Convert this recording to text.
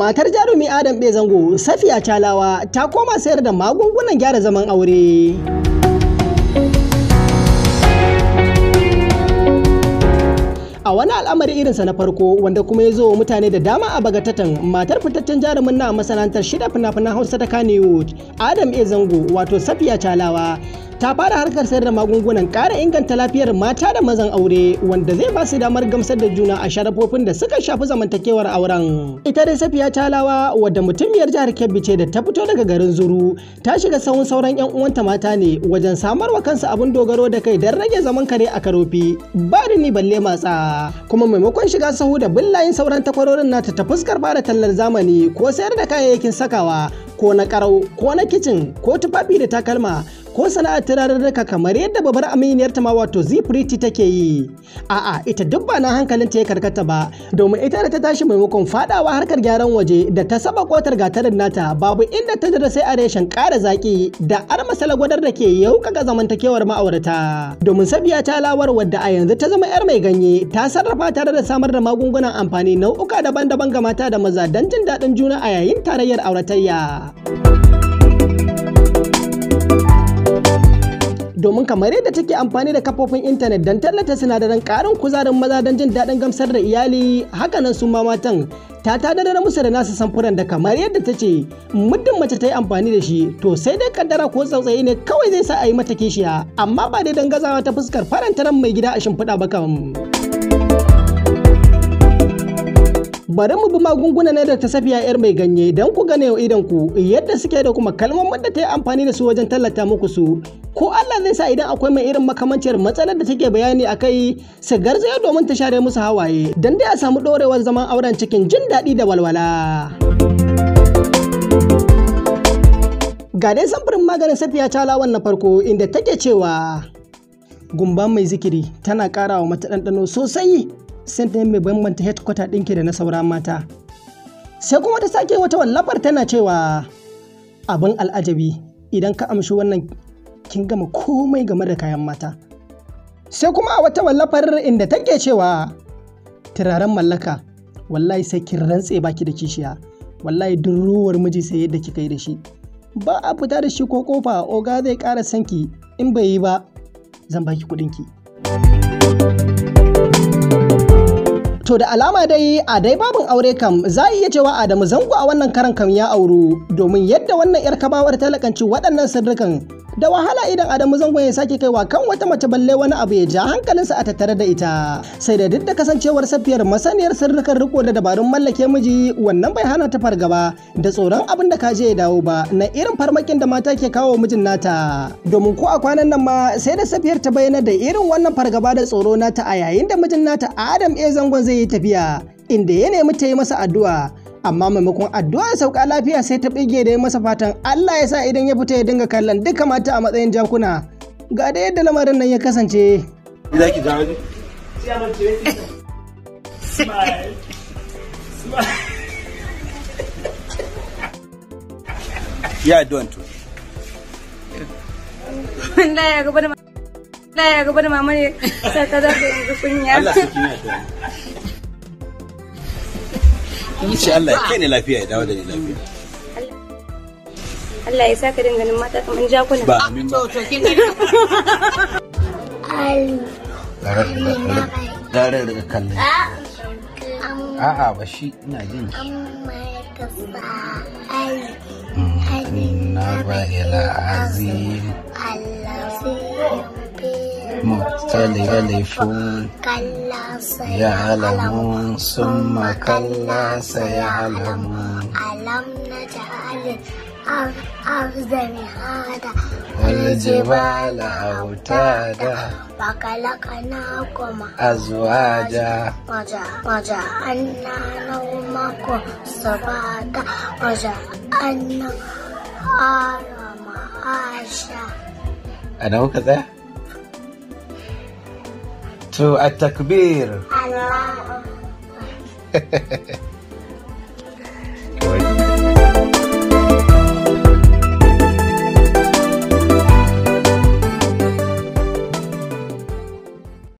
matar jarumi adam bai zango safiya calawa ta koma sayar da magungunan gyara zaman aure a wani al'amari irinsa na farko wanda kuma ya zo mutane da dama a bagatatan matar fitaccen jarumin na masana'antar shida fina-finan hausa ta kaniwood adam e zango wato safiya calawa ta fara harkar sayar da magungunan ƙara inganta lafiyar mata da mazan aure wanda zai ba su damar gamsar da juna a sharafofin da suka shafi zamantakewar auren. Ita dai Safiya Talawa wadda mutumiyar jihar Kebbi ce da ta fito daga garin Zuru ta shiga sahun sauran 'yan uwanta mata ne wajen samar wa kansu abin dogaro da kai don rage zaman kare a karofi ba da ni balle matsa kuma maimakon shiga sahu da billayin sauran takwarorin nata ta fuskar bada tallar zamani ko sayar da kayayyakin sakawa ko na karau ko na kicin ko tufafi da takalma ko sana'ar turarurruka kamar yadda babar aminiyar ta ma wato zifriti take yi a'a ita duk ba na hankalin ta ya karkata ba domin ita da ta tashi maimakon fadawa harkar gyaran waje da ta saba kotar gatarin nata babu inda ta dada sai a reshen kara zaki da armasala gwadar da ke yaukaka zamantakewar ma'aurata domin sabiya ta lawar wadda a yanzu ta zama yar mai ganye ta sarrafa tare da samar da magungunan amfani nau'uka daban-daban ga mata da maza don jin daɗin juna a yayin tarayyar auratayya. domin kamar yadda take amfani da kafofin intanet don tallata sinadaran karin kuzarin maza don jin daɗin gamsar da iyali hakanan su ma matan ta tanadar musu da nasu samfuran da kamar yadda ta ce muddin mace ta yi amfani da shi to sai dai kaddara ko tsautsayi ne kawai zai sa a yi mata kishiya amma ba dai don gazawa ta fuskar farantaran mai gida a shimfiɗa ba kam. bari mu bi magungunan na ta Safiya yar mai ganye don ku gane idan ku yadda suke da kuma kalmomin da ta yi amfani da su wajen tallata muku su ko Allah zai sa idan akwai mai irin makamanciyar matsalar da take bayani a kai su garzaya domin ta share musu hawaye Dan dai a samu ɗorewar zaman auren cikin jin daɗi da walwala. Ga dai samfurin maganin Safiya Chalawan na farko inda take cewa gumba mai zikiri tana ƙara wa mata ɗanɗano sosai sent ne mai bambanta headquarter ɗinki da na sauran mata sai kuma ta sake wata wallafar tana cewa abin al'ajabi idan ka amshi wannan kin gama komai game da kayan mata sai kuma a wata wallafar inda take cewa turaren mallaka wallahi sai kin rantse baki da kishiya wallahi duk ruwar miji sai yadda kika yi da shi ba a fita da shi ko kofa oga zai ƙara sanki in bai yi ba zan baki kuɗinki. ki To da alama dai a dai babin aure kam za a iya cewa Adamu zango a wannan karan kam ya auru domin yadda wannan 'yar kabawar talakanci waɗannan sirrikan da wahala idan adamu zangon ya sake kaiwa kan wata mace balle wani abu ya ja hankalinsa a tattare da ita sai da duk da kasancewar safiyar masaniyar sirrukan riko da dabarun mallake miji wannan bai hana ta fargaba da tsoron abin da kaje ya dawo ba na irin farmakin da mata ke kawo mijin nata domin ko a kwanan nan ma sai da safiyar ta bayyana da irin wannan fargaba da tsoro nata a yayin da mijin nata adam e zangon zai yi tafiya inda ya nemi ta yi masa addu'a amma maimakon addu'a sauka lafiya sai ta bige da ya masa fatan Allah ya sa idan ya fita ya dinga kallon duka mata a matsayin jakuna ga da yadda lamarin nan ya kasance ya don to na ya gaba da mamare sai ka zaɓe kunya Allah insha Allah kai ne lafiya ya dawo da ni lafiya Allah ya saka din ganin mata kaman jakuna ba amin ba to kin ne Ali dare da kallon a'a ba shi ina jin amma ya kafa ki na ba ila azim mm, Allah sai مختلف يعلمون ثم كلا سيعلمون ألم نجعل الأرض مهادا والجبال أوتادا وخلقناكم أزواجا وجعلنا نومكم سباتا وجعلنا أرى معاشا أنا وكذا التكبير الله